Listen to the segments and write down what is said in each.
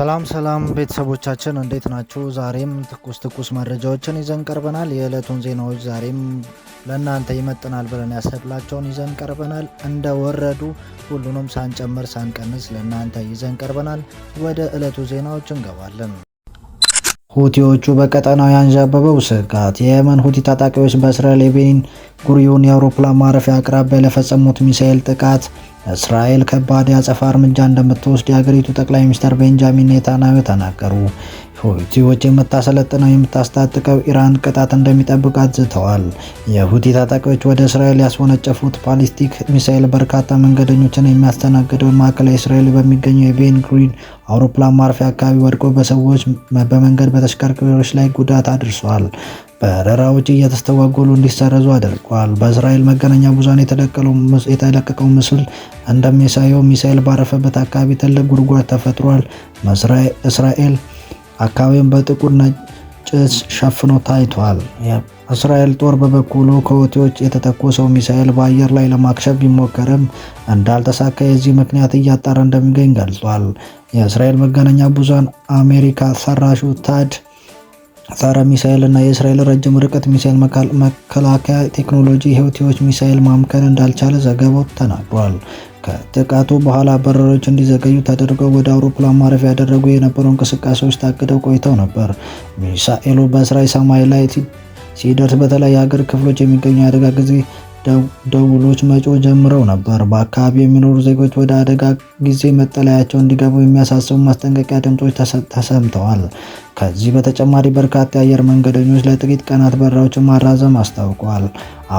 ሰላም ሰላም ቤተሰቦቻችን እንዴት ናችሁ? ዛሬም ትኩስ ትኩስ መረጃዎችን ይዘን ቀርበናል። የዕለቱን ዜናዎች ዛሬም ለእናንተ ይመጥናል ብለን ያሰብላቸውን ይዘን ቀርበናል። እንደ ወረዱ ሁሉንም ሳንጨምር ሳንቀንስ ለእናንተ ይዘን ቀርበናል። ወደ ዕለቱ ዜናዎች እንገባለን። ሁቲዎቹ በቀጠናው ያንዣበበው ስጋት የየመን ሁቲ ታጣቂዎች በእስራኤል የቤኒን ጉሪዮን የአውሮፕላን ማረፊያ አቅራቢያ ለፈጸሙት ሚሳኤል ጥቃት እስራኤል ከባድ የአጸፋ እርምጃ እንደምትወስድ የሀገሪቱ ጠቅላይ ሚኒስትር ቤንጃሚን ኔታንያሁ ተናገሩ። ሁቲዎች የምታሰለጥነው የምታስታጥቀው ኢራን ቅጣት እንደሚጠብቅ አዝተዋል። የሁቲ ታጣቂዎች ወደ እስራኤል ያስወነጨፉት ባሊስቲክ ሚሳኤል በርካታ መንገደኞችን የሚያስተናግደውን ማዕከላዊ እስራኤል በሚገኘው የቤን ግሪን አውሮፕላን ማረፊያ አካባቢ ወድቆ በሰዎች በመንገድ በተሽከርካሪዎች ላይ ጉዳት አድርሷል። በረራዎች እየተስተጓጎሉ እንዲሰረዙ አድርጓል። በእስራኤል መገናኛ ብዙሃን የተለቀቀው ምስል እንደሚያሳየው ሚሳኤል ባረፈበት አካባቢ ትልቅ ጉድጓድ ተፈጥሯል። እስራኤል አካባቢውን በጥቁር ነጭ ጭስ ሸፍኖ ታይቷል። እስራኤል ጦር በበኩሉ ከሁቲዎች የተተኮሰው ሚሳኤል በአየር ላይ ለማክሸፍ ቢሞከርም እንዳልተሳካ የዚህ ምክንያት እያጣራ እንደሚገኝ ገልጿል። የእስራኤል መገናኛ ብዙሃን አሜሪካ ሰራሹ ታድ ታራ ሚሳኤል እና የእስራኤል ረጅም ርቀት ሚሳኤል መከላከያ ቴክኖሎጂ የሁቲዎች ሚሳኤል ማምከን እንዳልቻለ ዘገባው ተናግሯል። ከጥቃቱ በኋላ በረሮች እንዲዘገዩ ተደርገው ወደ አውሮፕላን ማረፊያ ያደረጉ የነበሩ እንቅስቃሴዎች ታግደው ቆይተው ነበር። ሚሳኤሉ በእስራኤል ሰማይ ላይ ሲደርስ በተለያዩ የሀገር ክፍሎች የሚገኙ የአደጋ ጊዜ ደውሎች መጮ ጀምረው ነበር። በአካባቢ የሚኖሩ ዜጎች ወደ አደጋ ጊዜ መጠለያቸው እንዲገቡ የሚያሳስቡ ማስጠንቀቂያ ድምጾች ተሰምተዋል። ከዚህ በተጨማሪ በርካታ የአየር መንገደኞች ለጥቂት ቀናት በረራዎችን ማራዘም አስታውቋል።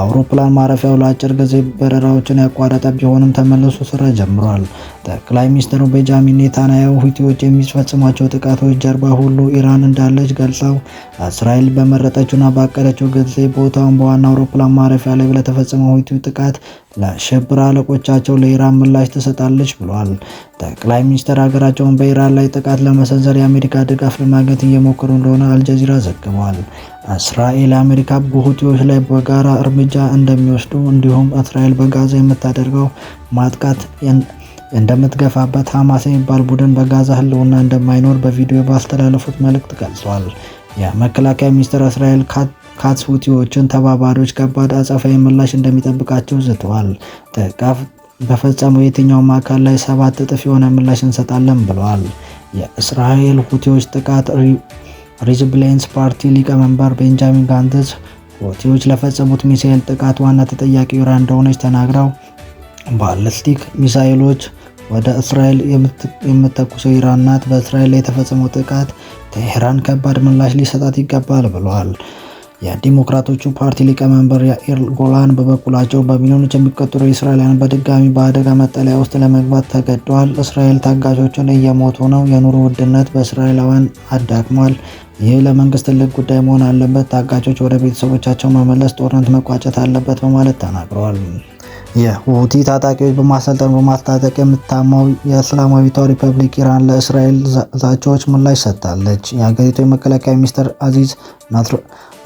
አውሮፕላን ማረፊያው ለአጭር ጊዜ በረራዎችን ያቋረጠ ቢሆንም ተመልሶ ስራ ጀምሯል። ጠቅላይ ሚኒስትሩ ቤንጃሚን ኔታንያሁ ሁቲዎች የሚፈጽሟቸው ጥቃቶች ጀርባ ሁሉ ኢራን እንዳለች ገልጸው እስራኤል በመረጠችውና ባቀደችው ጊዜ ቦታውን በዋና አውሮፕላን ማረፊያ ላይ ለተፈጸመው ሁቲ ጥቃት ለሽብር አለቆቻቸው ለኢራን ምላሽ ትሰጣለች ብሏል። ጠቅላይ ሚኒስትር ሀገራቸውን በኢራን ላይ ጥቃት ለመሰንዘር የአሜሪካ ድጋፍ ለማግኘት እየሞከሩ እንደሆነ አልጀዚራ ዘግቧል። እስራኤል አሜሪካ በሁቲዎች ላይ በጋራ እርምጃ እንደሚወስዱ እንዲሁም እስራኤል በጋዛ የምታደርገው ማጥቃት እንደምትገፋበት ሐማስ የሚባል ቡድን በጋዛ ህልውና እንደማይኖር በቪዲዮ ባስተላለፉት መልእክት ገልጿል። የመከላከያ ሚኒስትር እስራኤል ካትስ ሁቲዎችን ተባባሪዎች ከባድ አጸፋዊ ምላሽ እንደሚጠብቃቸው ዝተዋል። ጥቃት በፈጸመው የትኛውም አካል ላይ ሰባት እጥፍ የሆነ ምላሽ እንሰጣለን ብለዋል። የእስራኤል ሁቲዎች ጥቃት ሪጅብሌንስ ፓርቲ ሊቀመንበር ቤንጃሚን ጋንትዝ ሁቲዎች ለፈጸሙት ሚሳኤል ጥቃት ዋና ተጠያቂ ኢራን እንደሆነች ተናግረው ባለስቲክ ሚሳኤሎች ወደ እስራኤል የምትተኩሰው ኢራን ናት፣ በእስራኤል ላይ የተፈጸመው ጥቃት ቴሄራን ከባድ ምላሽ ሊሰጣት ይገባል ብለዋል። የዲሞክራቶቹ ፓርቲ ሊቀመንበር ያኢር ጎላን በበኩላቸው በሚሊዮኖች የሚቆጠሩ እስራኤላውያን በድጋሚ በአደጋ መጠለያ ውስጥ ለመግባት ተገደዋል። እስራኤል ታጋቾችን እየሞቱ ነው። የኑሮ ውድነት በእስራኤላውያን አዳክሟል። ይህ ለመንግስት ትልቅ ጉዳይ መሆን አለበት። ታጋቾች ወደ ቤተሰቦቻቸው መመለስ ጦርነት መቋጨት አለበት በማለት ተናግረዋል። የሁቲ ታጣቂዎች በማሰልጠን በማስታጠቅ የምታማው የእስላማዊቷ ሪፐብሊክ ኢራን ለእስራኤል ዛቻዎች ምላሽ ሰጥታለች። የሀገሪቱ የመከላከያ ሚኒስትር አዚዝ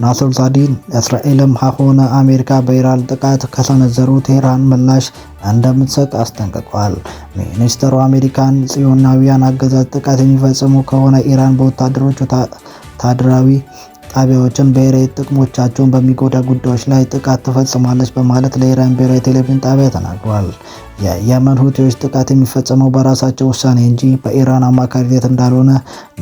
ናስርዛዲን እስራኤልም ሆነ አሜሪካ በኢራን ጥቃት ከሰነዘሩ ቴህራን ምላሽ እንደምትሰጥ አስጠንቅቋል። ሚኒስትሩ አሜሪካን ጽዮናዊያን አገዛዝ ጥቃት የሚፈጽሙ ከሆነ ኢራን በወታደሮች ወታደራዊ ጣቢያዎችን ብሔራዊ ጥቅሞቻቸውን በሚጎዳ ጉዳዮች ላይ ጥቃት ትፈጽማለች በማለት ለኢራን ብሔራዊ ቴሌቪዥን ጣቢያ ተናግሯል። የየመን ሁቲዎች ጥቃት የሚፈጸመው በራሳቸው ውሳኔ እንጂ በኢራን አማካሪነት እንዳልሆነ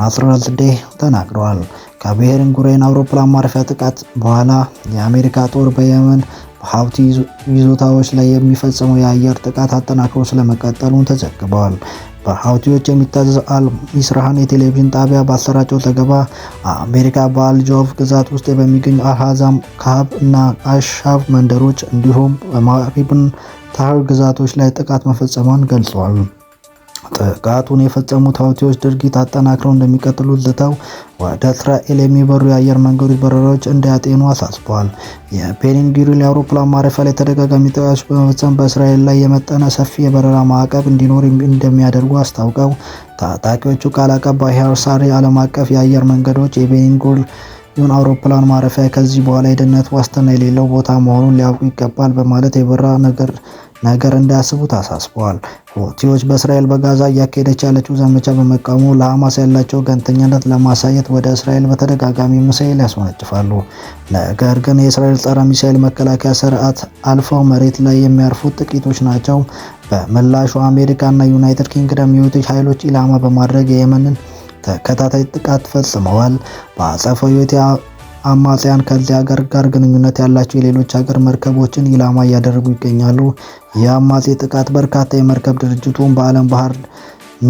ናስራልዴህ ተናግረዋል። ከብሔርን ጉሬን አውሮፕላን ማረፊያ ጥቃት በኋላ የአሜሪካ ጦር በየመን ሀውቲ ይዞታዎች ላይ የሚፈጽመው የአየር ጥቃት አጠናክሮ ስለመቀጠሉን ተዘግበዋል። በሀውቲዎች አል አልሚስራህን የቴሌቪዥን ጣቢያ ባሰራጨው ዘገባ አሜሪካ በአልጆቭ ግዛት ውስጥ በሚገኙ አልሃዛም ካብ እና አሻብ መንደሮች እንዲሁም በማሪብን ታህር ግዛቶች ላይ ጥቃት መፈጸሟን ገልጿል። ጥቃቱን የፈጸሙት ሀውቲዎች ድርጊት አጠናክረው እንደሚቀጥሉ ዝተው ወደ እስራኤል የሚበሩ የአየር መንገዶች በረራዎች እንዳያጤኑ አሳስቧል። የቤን ጉሪዮን የአውሮፕላን ማረፊያ ላይ ተደጋጋሚ ጥቃቶች በመፈጸም በእስራኤል ላይ የመጠነ ሰፊ የበረራ ማዕቀብ እንዲኖር እንደሚያደርጉ አስታውቀው ታጣቂዎቹ ቃል አቀባይ ሄር ዓለም አቀፍ የአየር መንገዶች የቤን ጉሪዮን አውሮፕላን ማረፊያ ከዚህ በኋላ የደህንነት ዋስትና የሌለው ቦታ መሆኑን ሊያውቁ ይገባል በማለት የበረራ ነገር ነገር እንዳያስቡት አሳስበዋል። ሁቲዎች በእስራኤል በጋዛ እያካሄደች ያለችው ዘመቻ በመቃወሙ ለሐማስ ያላቸው ገንተኛነት ለማሳየት ወደ እስራኤል በተደጋጋሚ ሚሳኤል ያስወነጭፋሉ። ነገር ግን የእስራኤል ጸረ ሚሳኤል መከላከያ ስርዓት አልፈው መሬት ላይ የሚያርፉት ጥቂቶች ናቸው። በምላሹ አሜሪካና ዩናይትድ ኪንግደም የሁቲ ኃይሎች ኢላማ በማድረግ የየመንን ተከታታይ ጥቃት ፈጽመዋል። በአጸፋው አማጽያን ከዚህ ሀገር ጋር ግንኙነት ያላቸው የሌሎች ሀገር መርከቦችን ኢላማ እያደረጉ ይገኛሉ። የአማጺ ጥቃት በርካታ የመርከብ ድርጅቱን በዓለም ባህር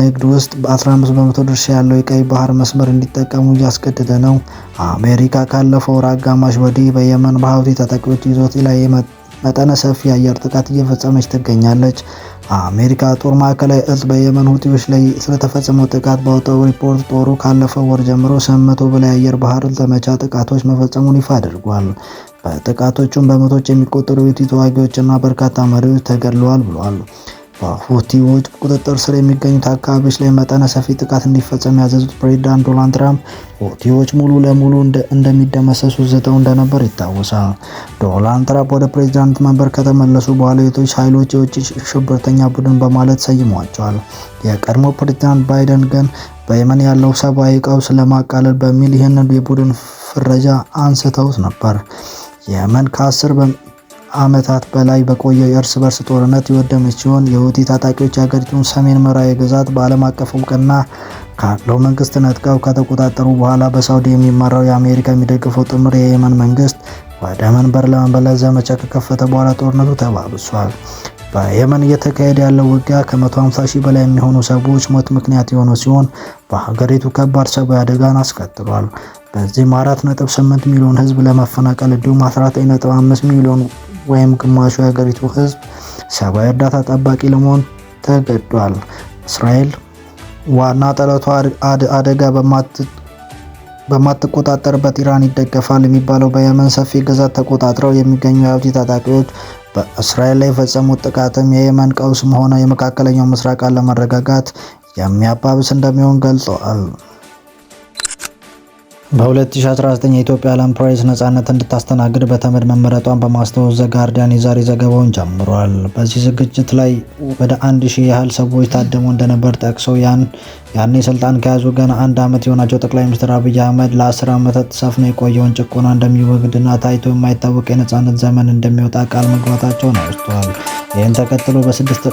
ንግድ ውስጥ በ15 በመቶ ድርሻ ያለው የቀይ ባህር መስመር እንዲጠቀሙ እያስገደደ ነው። አሜሪካ ካለፈው ወር አጋማሽ ወዲህ በየመን በሁቲ ተጠቂዎች ይዞት ላይ መጠነ ሰፊ የአየር ጥቃት እየፈጸመች ትገኛለች። አሜሪካ ጦር ማዕከላዊ እዝ በየመን ሁቲዎች ላይ ስለተፈጸመው ጥቃት ባወጣው ሪፖርት ጦሩ ካለፈው ወር ጀምሮ ስምንት በላይ አየር ባህር ዘመቻ ጥቃቶች መፈጸሙን ይፋ አድርጓል። በጥቃቶቹም በመቶች የሚቆጠሩ የሁቲ ተዋጊዎችና በርካታ መሪዎች ተገድለዋል ብሏል። በሁቲዎች ቁጥጥር ስር የሚገኙት አካባቢዎች ላይ መጠነ ሰፊ ጥቃት እንዲፈጸም ያዘዙት ፕሬዚዳንት ዶናልድ ትራምፕ ሁቲዎች ሙሉ ለሙሉ እንደሚደመሰሱ ዝተው እንደነበር ይታወሳል። ዶናልድ ትራምፕ ወደ ፕሬዚዳንት መንበር ከተመለሱ በኋላ የሁቲዎች ኃይሎች የውጭ ሽብርተኛ ቡድን በማለት ሰይሟቸዋል። የቀድሞ ፕሬዚዳንት ባይደን ግን በየመን ያለው ሰብአዊ ቀውስ ለማቃለል በሚል ይህንን የቡድን ፍረጃ አንስተውት ነበር። የመን ከአስር ዓመታት በላይ በቆየ የእርስ በርስ ጦርነት የወደመች ሲሆን የሁቲ ታጣቂዎች የሀገሪቱን ሰሜን ምዕራብ ግዛት በዓለም አቀፍ እውቅና ካለው መንግስት ነጥቀው ከተቆጣጠሩ በኋላ በሳውዲ የሚመራው የአሜሪካ የሚደግፈው ጥምር የየመን መንግስት ወደ መንበር ለመመለስ ዘመቻ ከከፈተ በኋላ ጦርነቱ ተባብሷል። በየመን እየተካሄደ ያለው ውጊያ ከ150 ሺህ በላይ የሚሆኑ ሰዎች ሞት ምክንያት የሆነ ሲሆን በሀገሪቱ ከባድ ሰብዓዊ አደጋን አስከትሏል። በዚህም 4.8 ሚሊዮን ህዝብ ለመፈናቀል እንዲሁም 19.5 ሚሊዮን ወይም ግማሹ የሀገሪቱ ህዝብ ሰብአዊ እርዳታ ጠባቂ ለመሆን ተገዷል። እስራኤል ዋና ጠለቷ አደጋ በማትቆጣጠርበት ኢራን ይደገፋል የሚባለው በየመን ሰፊ ግዛት ተቆጣጥረው የሚገኙ የሁቲ ታጣቂዎች በእስራኤል ላይ የፈጸሙት ጥቃትም የየመን ቀውስም ሆነ የመካከለኛው ምስራቅ አለመረጋጋት የሚያባብስ እንደሚሆን ገልጸዋል። በ2019 የኢትዮጵያ ዓለም ፕሬስ ነጻነት እንድታስተናግድ በተመድ መመረጧን በማስታወስ ዘጋርዲያን የዛሬ ዘገባውን ጀምሯል። በዚህ ዝግጅት ላይ ወደ አንድ ሺህ ያህል ሰዎች ታድመው እንደነበር ጠቅሰው ያን ያኔ ስልጣን ከያዙ ገና አንድ ዓመት የሆናቸው ጠቅላይ ሚኒስትር አብይ አህመድ ለአስር ዓመታት ሰፍኖ የቆየውን ጭቆና እንደሚወግድና ታይቶ የማይታወቅ የነጻነት ዘመን እንደሚወጣ ቃል መግባታቸውን አውስተዋል። ይህን ተከትሎ በስድስት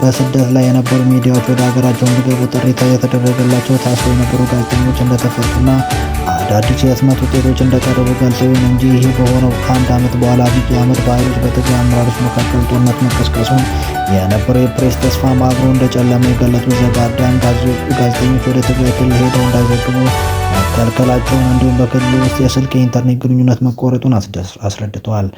በስደት ላይ የነበሩ ሚዲያዎች ወደ ሀገራቸው እንዲገቡ ጥሪ የተደረገላቸው ታስረው የነበሩ ጋዜጠኞች እንደተፈቱና አዳዲስ የህትመት ውጤቶች እንደቀረቡ ገልጸውን እንጂ ይህ በሆነው ከአንድ ዓመት በኋላ አብይ አህመድ በኃይሎች በትግራይ አመራሮች መካከል ጦርነት መቀስቀሱን የነበረው የፕሬስ ተስፋ እንደ እንደጨለመ የገለጹት ዘጋርዳን ጋዜጠኞች ወደ ትግራይ ክልል ሄደው እንዳይዘግቡ መከልከላቸውን እንዲሁም በክልሉ ውስጥ የስልክ የኢንተርኔት ግንኙነት መቆረጡን አስረድተዋል።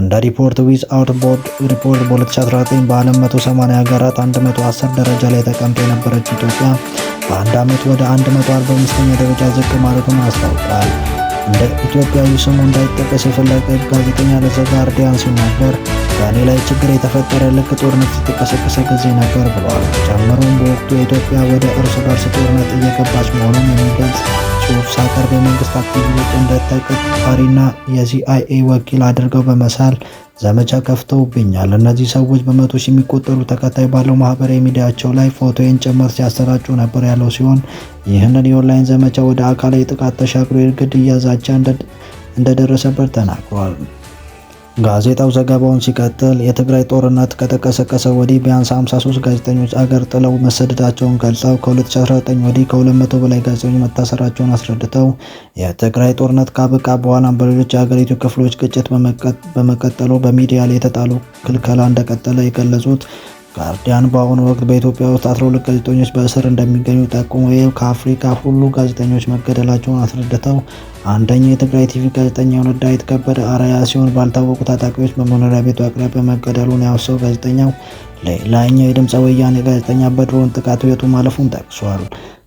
እንደ ሪፖርት ዊዝ አውት ቦርድ ሪፖርት በ2019 በዓለም 180 ሀገራት 110 ደረጃ ላይ ተቀምጦ የነበረችው ኢትዮጵያ በአንድ ዓመት ወደ 145ኛ ደረጃ ዝቅ ማለቱን አስታውቋል። እንደ ኢትዮጵያዊ ስሙ እንዳይጠቀስ የፈለገ ጋዜጠኛ ለዘጋርዲያን ሲናገር በውሳኔ ላይ ችግር የተፈጠረ ልክ ጦርነት የተቀሰቀሰ ጊዜ ነበር ብለዋል። ጨምሮም በወቅቱ ኢትዮጵያ ወደ እርስ በርስ ጦርነት እየገባች መሆኑን የሚገልጽ ጽሑፍ ሳቀርብ የመንግስት አክቲቪስቶች እንደ ተቀጣሪና የሲአይኤ ወኪል አድርገው በመሳል ዘመቻ ከፍተውብኛል። እነዚህ ሰዎች በመቶ ሺህ የሚቆጠሩ ተከታይ ባለው ማህበራዊ ሚዲያቸው ላይ ፎቶዬን ጭምር ሲያሰራጩ ነበር ያለው ሲሆን ይህንን የኦንላይን ዘመቻ ወደ አካላዊ ጥቃት ተሻግሮ ግድያ፣ ዛቻ እንደደረሰበት ተናግሯል። ጋዜጣው ዘገባውን ሲቀጥል የትግራይ ጦርነት ከተቀሰቀሰ ወዲህ ቢያንስ 53 ጋዜጠኞች አገር ጥለው መሰደዳቸውን ገልጸው ከ2019 ወዲህ ከ200 በላይ ጋዜጠኞች መታሰራቸውን አስረድተው የትግራይ ጦርነት ካበቃ በኋላም በሌሎች የሀገሪቱ ክፍሎች ግጭት በመቀጠሉ በሚዲያ ላይ የተጣሉ ክልከላ እንደቀጠለ የገለጹት ጋርዲያን በአሁኑ ወቅት በኢትዮጵያ ውስጥ 12 ጋዜጠኞች በእስር እንደሚገኙ ጠቁሞ ይህም ከአፍሪካ ሁሉ ጋዜጠኞች መገደላቸውን አስረድተው አንደኛው የትግራይ ቲቪ ጋዜጠኛ የሆነው የተከበደ ከበደ አርአያ ሲሆን ባልታወቁ ታጣቂዎች በመኖሪያ ቤቱ አቅራቢያ መገደሉን ያወሳው ጋዜጠኛው ሌላኛው የድምፀ ወያኔ ጋዜጠኛ በድሮን ጥቃት ሕይወቱ ማለፉን ጠቅሷል።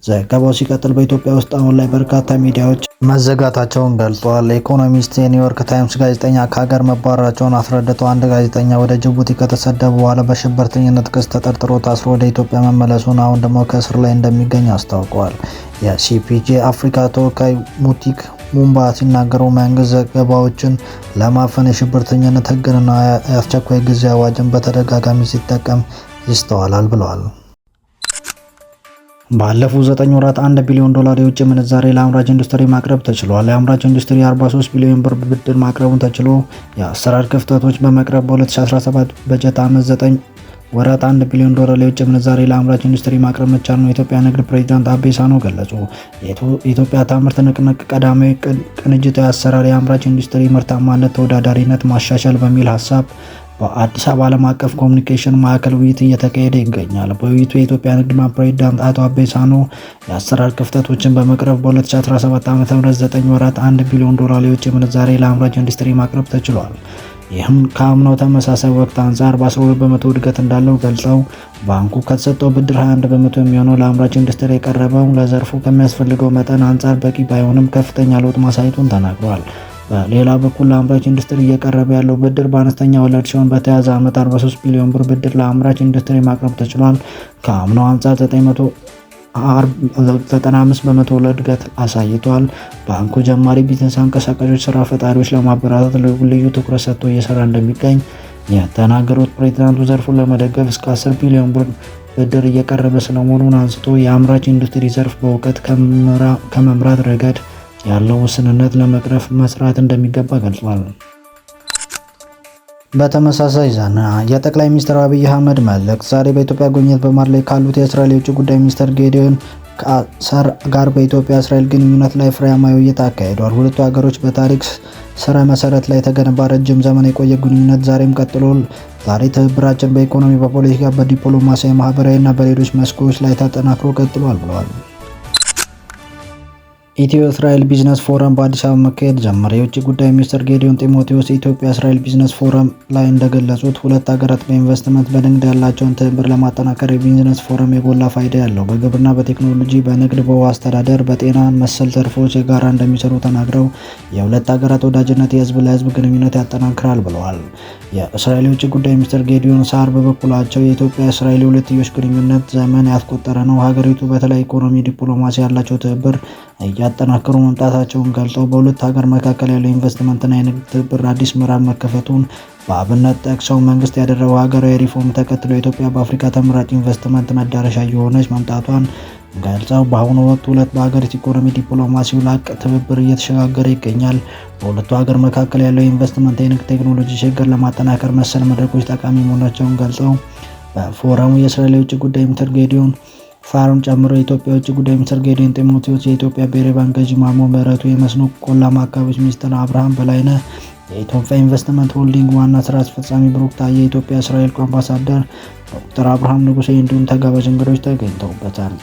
ዘገባው ሲቀጥል በኢትዮጵያ ውስጥ አሁን ላይ በርካታ ሚዲያዎች መዘጋታቸውን ገልጧል። ኢኮኖሚስት፣ የኒውዮርክ ታይምስ ጋዜጠኛ ከሀገር መባረራቸውን አስረድተው አንድ ጋዜጠኛ ወደ ጅቡቲ ከተሰደ በኋላ በሽብርተኝነት ክስ ተጠርጥሮ ታስሮ ወደ ኢትዮጵያ መመለሱን አሁን ደግሞ ከእስር ላይ እንደሚገኝ አስታውቀዋል። የሲፒጄ አፍሪካ ተወካይ ሙቲክ ሙምባ ሲናገሩ መንግስት ዘገባዎችን ለማፈን የሽብርተኝነት ህግንና የአስቸኳይ ጊዜ አዋጅን በተደጋጋሚ ሲጠቀም ይስተዋላል ብለዋል። ባለፉት ዘጠኝ ወራት 1 ቢሊዮን ዶላር የውጭ ምንዛሬ ለአምራች ኢንዱስትሪ ማቅረብ ተችሏል። የአምራች ኢንዱስትሪ 43 ቢሊዮን ብር ብድር ማቅረቡን ተችሎ የአሰራር ክፍተቶች በመቅረብ በ2017 በጀት ዓመት 9 ወራት አንድ ቢሊዮን ዶላር የውጭ ምንዛሬ ለአምራች ኢንዱስትሪ ማቅረብ መቻል ነው የኢትዮጵያ ንግድ ፕሬዚዳንት አቤ ሳኖ ገለጹ። የኢትዮጵያ ታምርት ንቅነቅ ቀዳሚ ቅንጅታዊ አሰራር የአምራች ኢንዱስትሪ ምርታማነት ተወዳዳሪነት ማሻሻል በሚል ሀሳብ በአዲስ አበባ ዓለም አቀፍ ኮሚኒኬሽን ማዕከል ውይይት እየተካሄደ ይገኛል። በውይይቱ የኢትዮጵያ ንግድ ባንክ ፕሬዚዳንት አቶ አቤ ሳኖ የአሰራር ክፍተቶችን በመቅረፍ በ2017 ዓ ም 9 ወራት 1 ቢሊዮን ዶላር የውጭ ምንዛሬ ለአምራች ኢንዱስትሪ ማቅረብ ተችሏል። ይህም ከአምናው ተመሳሳይ ወቅት አንጻር በ12 በመቶ እድገት እንዳለው ገልጸው ባንኩ ከተሰጠው ብድር 21 በመቶ የሚሆነው ለአምራች ኢንዱስትሪ የቀረበው ለዘርፉ ከሚያስፈልገው መጠን አንጻር በቂ ባይሆንም ከፍተኛ ለውጥ ማሳየቱን ተናግረዋል። በሌላ በኩል ለአምራች ኢንዱስትሪ እየቀረበ ያለው ብድር በአነስተኛ ወለድ ሲሆን በተያዘ ዓመት 43 ቢሊዮን ብር ብድር ለአምራች ኢንዱስትሪ ማቅረብ ተችሏል። ከአምናው አንጻር 900 95 በመቶ እድገት አሳይቷል። ባንኩ ጀማሪ ቢዝነስ አንቀሳቃሾች ስራ ፈጣሪዎች ለማበረታታት ልዩ ትኩረት ሰጥቶ እየሰራ እንደሚገኝ የተናገሩት ፕሬዚዳንቱ ዘርፉን ለመደገፍ እስከ 10 ቢሊዮን ብር ብድር እየቀረበ ስለመሆኑን አንስቶ የአምራች ኢንዱስትሪ ዘርፍ በእውቀት ከመምራት ረገድ ያለው ውስንነት ለመቅረፍ መስራት እንደሚገባ ገልጿል። በተመሳሳይ ዜና የጠቅላይ ሚኒስትር አብይ አህመድ መልእክት ዛሬ በኢትዮጵያ ጉብኝት በማድረግ ላይ ካሉት የእስራኤል የውጭ ጉዳይ ሚኒስትር ጌዲዮን ካሳር ጋር በኢትዮጵያ እስራኤል ግንኙነት ላይ ፍሬያማ ውይይት አካሂደዋል። ሁለቱ ሀገሮች በታሪክ ስረ መሰረት ላይ የተገነባ ረጅም ዘመን የቆየ ግንኙነት ዛሬም ቀጥሏል። ዛሬ ትብብራችን በኢኮኖሚ፣ በፖለቲካ፣ በዲፕሎማሲያዊ፣ ማህበራዊ እና በሌሎች መስኮች ላይ ተጠናክሮ ቀጥሏል ብለዋል። ኢትዮ እስራኤል ቢዝነስ ፎረም በአዲስ አበባ መካሄድ ጀመረ። የውጭ ጉዳይ ሚኒስትር ጌዲዮን ጢሞቴዎስ የኢትዮጵያ እስራኤል ቢዝነስ ፎረም ላይ እንደገለጹት ሁለት ሀገራት በኢንቨስትመንት በንግድ ያላቸውን ትብብር ለማጠናከር የቢዝነስ ፎረም የጎላ ፋይዳ ያለው በግብርና፣ በቴክኖሎጂ፣ በንግድ፣ በውሃ አስተዳደር፣ በጤና መሰል ዘርፎች የጋራ እንደሚሰሩ ተናግረው የሁለት ሀገራት ወዳጅነት የህዝብ ለህዝብ ግንኙነት ያጠናክራል ብለዋል። የእስራኤል የውጭ ጉዳይ ሚኒስትር ጌዲዮን ሳር በበኩላቸው የኢትዮጵያ እስራኤል የሁለትዮሽ ግንኙነት ዘመን ያስቆጠረ ነው፣ ሀገሪቱ በተለይ ኢኮኖሚ፣ ዲፕሎማሲ ያላቸው ትብብር እያጠናከሩ መምጣታቸውን ገልጠው በሁለት ሀገር መካከል ያለው ኢንቨስትመንትና የንግድ ትብብር አዲስ ምዕራብ መከፈቱን በአብነት ጠቅሰው መንግስት ያደረገው ሀገራዊ ሪፎርም ተከትሎ ኢትዮጵያ በአፍሪካ ተመራጭ ኢንቨስትመንት መዳረሻ እየሆነች መምጣቷን ገልጸው በአሁኑ ወቅት ሁለት በሀገሪቱ ኢኮኖሚ ዲፕሎማሲው ላቅ ትብብር እየተሸጋገረ ይገኛል። በሁለቱ ሀገር መካከል ያለው የኢንቨስትመንት የንግድ ቴክኖሎጂ ችግር ለማጠናከር መሰል መድረኮች ጠቃሚ መሆናቸውን ገልጸው በፎረሙ የእስራኤል የውጭ ጉዳይ ሚኒስትር ጌዲዮን ፋሮን ጨምሮ የኢትዮጵያ የውጭ ጉዳይ ሚኒስትር ጌዲዮን ጢሞቴዎስ፣ የኢትዮጵያ ብሔራዊ ባንክ ገዢ ማሞ ምህረቱ፣ የመስኖ ቆላማ አካባቢዎች ሚኒስትር አብርሃም በላይነህ፣ የኢትዮጵያ ኢንቨስትመንት ሆልዲንግ ዋና ስራ አስፈጻሚ ብሩክ ታየ፣ የኢትዮጵያ እስራኤል አምባሳደር ዶክተር አብርሃም ንጉሴ እንዲሁም ተጋባዥ እንግዶች ተገኝተውበታል።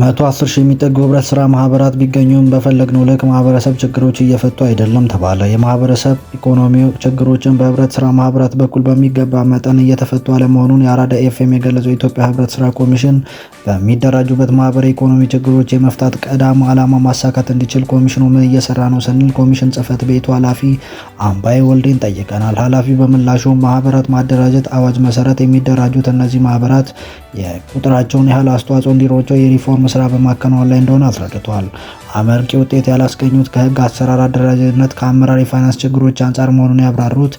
መቶ ሺህ የሚጠጉ ህብረት ስራ ማህበራት ቢገኙም በፈለግነው ልክ ማህበረሰብ ችግሮች እየፈቱ አይደለም ተባለ። የማህበረሰብ ኢኮኖሚ ችግሮችን በህብረት ስራ ማህበራት በኩል በሚገባ መጠን እየተፈቱ አለመሆኑን የአራዳ ኤፍኤም የገለጸው የኢትዮጵያ ህብረት ስራ ኮሚሽን በሚደራጁበት ማህበር ኢኮኖሚ ችግሮች የመፍታት ቀዳም ዓላማ ማሳካት እንዲችል ኮሚሽኑ ምን እየሰራ ነው ስንል ኮሚሽን ጽህፈት ቤቱ ኃላፊ አምባይ ወልዴን ጠይቀናል። ኃላፊ በምላሹ ማህበራት ማደራጀት አዋጅ መሰረት የሚደራጁት እነዚህ ማህበራት የቁጥራቸውን ያህል አስተዋጽኦ እንዲኖራቸው የሪፎርም ስራ በማከናወን ላይ እንደሆነ አስረድቷል። አመርቂ ውጤት ያላስገኙት ከህግ አሰራር አደረጃጀትነት፣ ከአመራር የፋይናንስ ችግሮች አንጻር መሆኑን ያብራሩት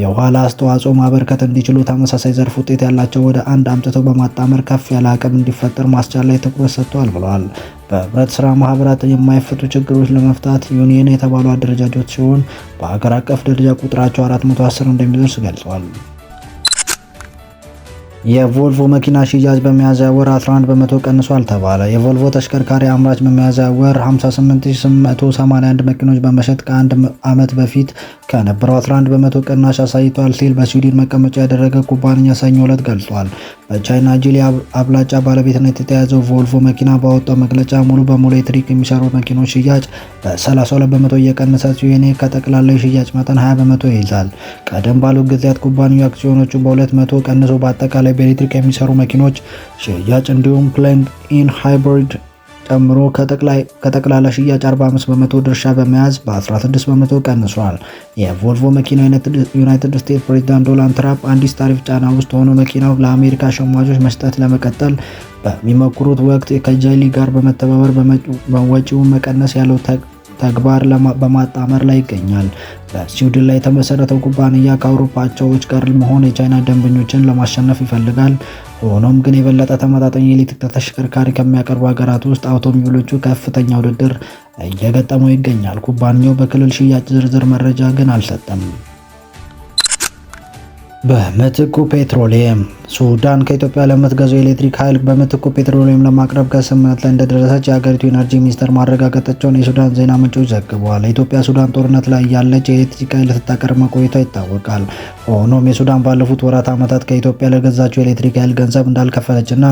የኋላ አስተዋጽኦ ማበርከት እንዲችሉ ተመሳሳይ ዘርፍ ውጤት ያላቸው ወደ አንድ አምጥተው በማጣመር ከፍ ያለ አቅም እንዲፈጠር ማስቻል ላይ ትኩረት ሰጥቷል ብለዋል። በህብረት ስራ ማህበራት የማይፈቱ ችግሮች ለመፍታት ዩኒየን የተባሉ አደረጃጆች ሲሆን በሀገር አቀፍ ደረጃ ቁጥራቸው 410 እንደሚደርስ ገልጿል። የቮልቮ መኪና ሽያጭ በሚያዝያ ወር 11 በመቶ ቀንሷል ተባለ። የቮልቮ ተሽከርካሪ አምራች በሚያዝያ ወር 58881 መኪኖች በመሸጥ ከአንድ ዓመት በፊት ከነበረው 11 በመቶ ቅናሽ አሳይቷል ሲል በስዊድን መቀመጫ ያደረገ ኩባንያ ሰኞ ዕለት ገልጿል። በቻይና ጅሊ አብላጫ ባለቤትነት የተያዘው ቮልቮ መኪና ባወጣው መግለጫ ሙሉ በሙሉ ኤሌክትሪክ የሚሰሩ መኪኖች ሽያጭ በ32 በመቶ እየቀነሰ ሲሆን ከጠቅላላ የሽያጭ መጠን 20 በመቶ ይይዛል። ቀደም ባሉት ጊዜያት ኩባንያ አክሲዮኖቹ በሁለት መቶ ቀንሶ በአጠቃላይ በኤሌክትሪክ የሚሰሩ መኪኖች ሽያጭ እንዲሁም ፕላንድ ኢን ሃይብሪድ ጨምሮ ከጠቅላላ ሽያጭ 45 በመቶ ድርሻ በመያዝ በ16 በመቶ ቀንሷል። የቮልቮ መኪና ዩናይትድ ስቴትስ ፕሬዚዳንት ዶናልድ ትራምፕ አዲስ ታሪፍ ጫና ውስጥ ሆኖ መኪናው ለአሜሪካ ሸማቾች መስጠት ለመቀጠል በሚሞክሩት ወቅት ከጀሊ ጋር በመተባበር ወጪውን መቀነስ ያለው ተግባር በማጣመር ላይ ይገኛል። በስዊድን ላይ የተመሰረተው ኩባንያ ከአውሮፓ አቻዎች ጋር መሆን የቻይና ደንበኞችን ለማሸነፍ ይፈልጋል። ሆኖም ግን የበለጠ ተመጣጣኝ የኤሌክትሪክ ተሽከርካሪ ከሚያቀርቡ ሀገራት ውስጥ አውቶሞቢሎቹ ከፍተኛ ውድድር እየገጠመው ይገኛል። ኩባንያው በክልል ሽያጭ ዝርዝር መረጃ ግን አልሰጠም። በምትኩ ፔትሮሊየም ሱዳን ከኢትዮጵያ ለምትገዛው የኤሌክትሪክ ኃይል በምትኩ ፔትሮሊየም ለማቅረብ ከስምምነት ላይ እንደደረሰች የሀገሪቱ ኢነርጂ ሚኒስቴር ማረጋገጣቸውን የሱዳን ዜና ምንጮች ዘግበዋል። ኢትዮጵያ ሱዳን ጦርነት ላይ ያለች የኤሌክትሪክ ኃይል ስታቀርብ መቆየቷ ይታወቃል። ሆኖም የሱዳን ባለፉት ወራት ዓመታት ከኢትዮጵያ ለገዛቸው ኤሌክትሪክ ኃይል ገንዘብ እንዳልከፈለችና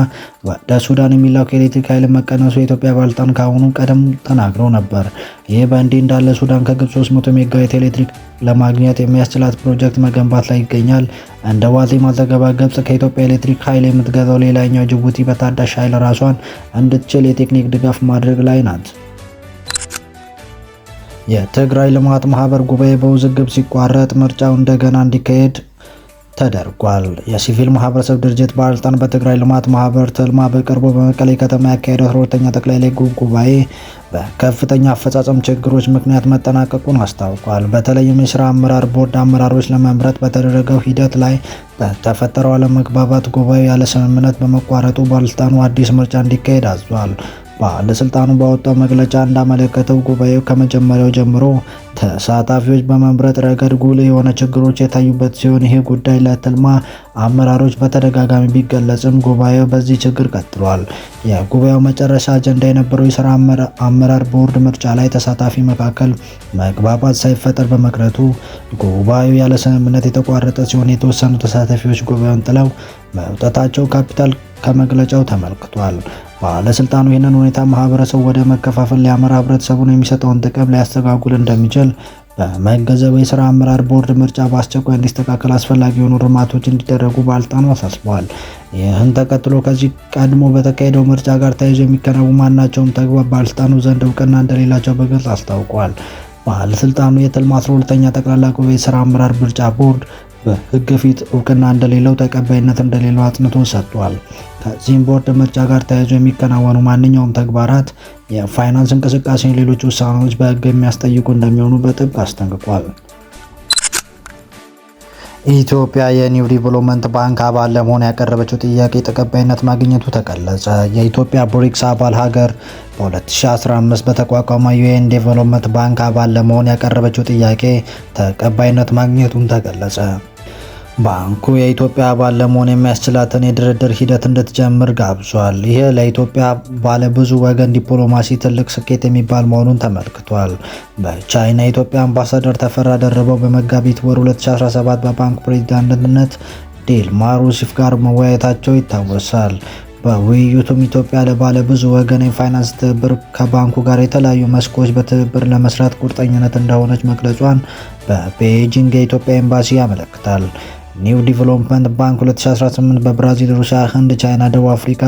ወደ ሱዳን የሚላኩ ኤሌክትሪክ ኃይል መቀነሱ የኢትዮጵያ ባለስልጣን ከአሁኑ ቀደም ተናግሮ ነበር። ይህ በእንዲህ እንዳለ ሱዳን ከግብፅ 300 ሜጋዋት ኤሌክትሪክ ለማግኘት የሚያስችላት ፕሮጀክት መገንባት ላይ ይገኛል። እንደ ዋዜ ማዘገባ ግብፅ ከኢትዮጵያ ኤሌክትሪክ ኃይል የምትገዛው ሌላኛው ጅቡቲ በታዳሽ ኃይል ራሷን እንድትችል የቴክኒክ ድጋፍ ማድረግ ላይ ናት። የትግራይ ልማት ማህበር ጉባኤ በውዝግብ ሲቋረጥ ምርጫው እንደገና እንዲካሄድ ተደርጓል። የሲቪል ማህበረሰብ ድርጅት ባለስልጣን በትግራይ ልማት ማህበር ትልማ በቅርቡ በመቀሌ ከተማ ያካሄደው አስራሁለተኛ ጠቅላይ ሌጉ ጉባኤ በከፍተኛ አፈጻጸም ችግሮች ምክንያት መጠናቀቁን አስታውቋል። በተለይም የስራ አመራር ቦርድ አመራሮች ለመምረጥ በተደረገው ሂደት ላይ በተፈጠረው አለመግባባት ጉባኤ ያለ ስምምነት በመቋረጡ ባለስልጣኑ አዲስ ምርጫ እንዲካሄድ አዟል። ባለስልጣኑ ባወጣው መግለጫ እንዳመለከተው ጉባኤው ከመጀመሪያው ጀምሮ ተሳታፊዎች በመምረጥ ረገድ ጉልህ የሆነ ችግሮች የታዩበት ሲሆን ይህ ጉዳይ ለትልማ አመራሮች በተደጋጋሚ ቢገለጽም ጉባኤው በዚህ ችግር ቀጥሏል። የጉባኤው መጨረሻ አጀንዳ የነበረው የስራ አመራር ቦርድ ምርጫ ላይ ተሳታፊ መካከል መግባባት ሳይፈጠር በመቅረቱ ጉባኤው ያለ ስምምነት የተቋረጠ ሲሆን የተወሰኑ ተሳታፊዎች ጉባኤውን ጥለው መውጣታቸው ካፒታል ከመግለጫው ተመልክቷል። ባለስልጣኑ ይህንን ሁኔታ ማህበረሰቡ ወደ መከፋፈል ሊያመራ ህብረተሰቡን የሚሰጠውን ጥቅም ሊያስተጋጉል እንደሚችል በመገንዘብ የስራ አመራር ቦርድ ምርጫ በአስቸኳይ እንዲስተካከል አስፈላጊ የሆኑ እርማቶች እንዲደረጉ ባልጣኑ አሳስበዋል። ይህን ተከትሎ ከዚህ ቀድሞ በተካሄደው ምርጫ ጋር ተያይዞ የሚከናወኑ ማናቸውም ተግባር ባለስልጣኑ ዘንድ እውቅና እንደሌላቸው በግልጽ አስታውቋል። ባለስልጣኑ የትልማ 12ኛ ጠቅላላ ጉባኤ ስራ አመራር ምርጫ ቦርድ በህግ ፊት እውቅና እንደሌለው ተቀባይነት እንደሌለው አጽንቶ ሰጥቷል። ከዚህም ቦርድ ምርጫ ጋር ተያይዞ የሚከናወኑ ማንኛውም ተግባራት፣ የፋይናንስ እንቅስቃሴ ሌሎች ውሳኔዎች በህግ የሚያስጠይቁ እንደሚሆኑ በጥብቅ አስጠንቅቋል። ኢትዮጵያ የኒው ዲቨሎፕመንት ባንክ አባል ለመሆን ያቀረበችው ጥያቄ ተቀባይነት ማግኘቱ ተገለጸ። የኢትዮጵያ ብሪክስ አባል ሀገር በ2015 በተቋቋመ ዩኤን ዲቨሎፕመንት ባንክ አባል ለመሆን ያቀረበችው ጥያቄ ተቀባይነት ማግኘቱን ተገለጸ። ባንኩ የኢትዮጵያ አባል ለመሆን የሚያስችላትን የድርድር ሂደት እንድትጀምር ጋብዟል። ይህ ለኢትዮጵያ ባለብዙ ወገን ዲፕሎማሲ ትልቅ ስኬት የሚባል መሆኑን ተመልክቷል። በቻይና የኢትዮጵያ አምባሳደር ተፈራ ደርበው በመጋቢት ወር 2017 በባንኩ ፕሬዚዳንትነት ዲልማ ሩሲፍ ጋር መወያየታቸው ይታወሳል። በውይይቱም ኢትዮጵያ ለባለ ብዙ ወገን የፋይናንስ ትብብር ከባንኩ ጋር የተለያዩ መስኮች በትብብር ለመስራት ቁርጠኝነት እንደሆነች መግለጿን በቤጂንግ የኢትዮጵያ ኤምባሲ ያመለክታል። ኒው ዲቨሎፕመንት ባንክ 2018 በብራዚል፣ ሩሲያ፣ ህንድ፣ ቻይና፣ ደቡብ አፍሪካ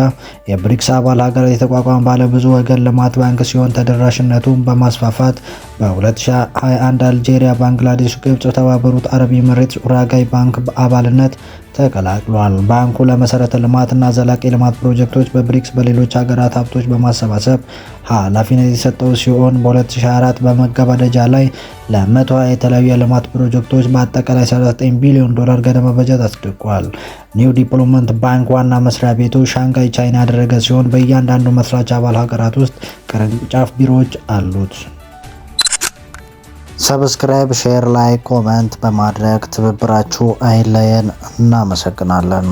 የብሪክስ አባል ሀገራት የተቋቋመ ባለ ብዙ ወገን ልማት ባንክ ሲሆን ተደራሽነቱን በማስፋፋት በ2021 አልጄሪያ፣ ባንግላዴሽ፣ ግብጽ፣ የተባበሩት አረብ ኤምሬትስ ኡራጋይ ባንክ አባልነት ተቀላቅሏል። ባንኩ ለመሰረተ እና ዘላቂ ልማት ፕሮጀክቶች በብሪክስ በሌሎች ሀገራት ሀብቶች በማሰባሰብ ኃላፊነት የተሰጠው ሲሆን በ2024 በመገባደጃ ላይ ለመቶ የተለያዩ የልማት ፕሮጀክቶች በአጠቃላይ 39 ቢሊዮን ዶላር ገደ ለመበጀት አስደቋል። ኒው ዲቨሎፕመንት ባንክ ዋና መስሪያ ቤቱ ሻንጋይ ቻይና ያደረገ ሲሆን በእያንዳንዱ መስራች አባል ሀገራት ውስጥ ቅርንጫፍ ቢሮዎች አሉት። ሰብስክራይብ፣ ሼር ላይ ኮመንት በማድረግ ትብብራችሁ አይለየን። እናመሰግናለን።